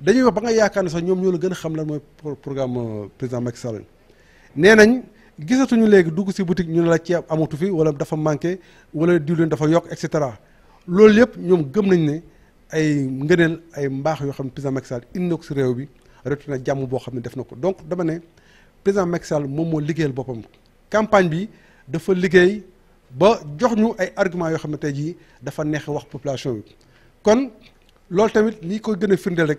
dañuy wax ba nga yaakaar ne sax ñoom ñoo la gën a xam lan mooy programme euh, président Macky Sall nee nañ gisatuñu léegi dugg si boutique ñu ne la ceeb amatu fi wala dafa manqué wala diwlin dafa yokk et cetera loolu yëpp ñoom gëm nañ ne ay ngëneel ay mbaax yoo xam ne président Macky Sall indi ko si réew bi retu na jàmm boo xam ne def na ko donc dama ne président Macky moom moo liggéeyal boppam campagne bi dafa liggéey ba jox ñu ay arguments yoo xam ne tey jii dafa neex wax population bi kon loolu tamit li koy gën a firndeel rek.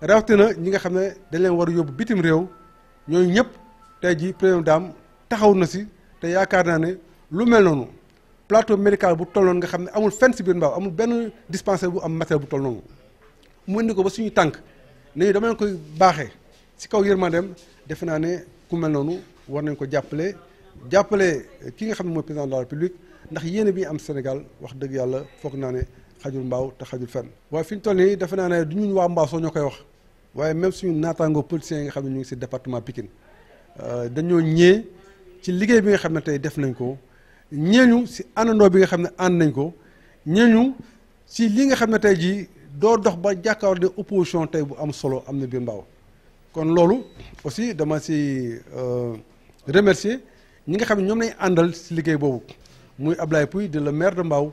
rawatina ñi nga xam ne dañ leen war a yóbbu bitim réew ñooyu ñëpp tey jii première dame taxaw na si te yaakaar naa ne lu mel noonu plateau médical bu toll noonu nga xam ne amul fenn si biir mbaaw amul benn dispensaire bu am matériel bu toll noonu mu indi ko ba suñu tànk ne ñu dama leen koy baaxe si kaw yërmandeem defe naa ne ku mel noonu war nañ ko jàppale jàppale ki nga xam ne mooy président de la ndax yéene bi am Sénégal wax dëgg yàlla foog naa ne. xajul mbaw te xajul fenn waaye fi ñu toll nii defe naa ne du ñun waa mbaaw soo ñoo koy wax waaye même suñu naataango politiciens yi nga xam ne ñu ngi si département Pikine euh, dañoo ñee ci liggéey bi nga xam ne tey def nañ ko ñeeñu si àndandoo bi nga xam ne ànd nañ ko ñeeñu si li nga xam ne tey jii doo dox ba jàkkaar de opposition tey bu am solo am na biir mbaaw kon loolu aussi dama si euh, remercier ñi nga xam ne ñoom lañ àndal si liggéey boobu muy Ablaye Pouy de le maire de Mbaw.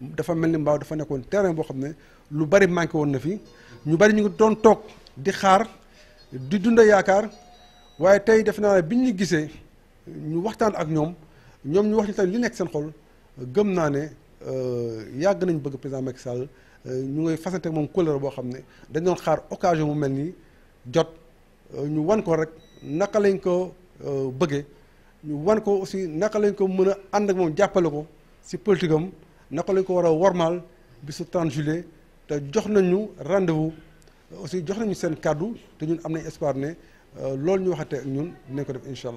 dafa mel ni mbaaw dafa nekkoon terrain boo xam ne lu bari manqué woon na fi ñu bari ñu ngi doon toog di xaar di dund yaakaar waaye tey def naa ne bi ñu gisee ñu waxtaan ak ñoom ñoom ñu wax ñu tamit li nekk seen xol gëm naa ne euh, yàgg nañ bëgg président Macky Sall euh, ñu ngay fasante moom couleur boo xam ne dañ doon xaar occasion mu mel ni jot euh, ñu wan ko rek naka lañ ko bëggee ñu wan ko aussi naka lañ ko mën a ànd ak moom jàppale ko si politique am naka lañ ko war warmal wormaal bisu 30 juillet te jox nañu rendez-vous aussi jox nañu seen kàddu te ñun am espoir ne euh, lool ñu waxate ñun ne ko def inshallah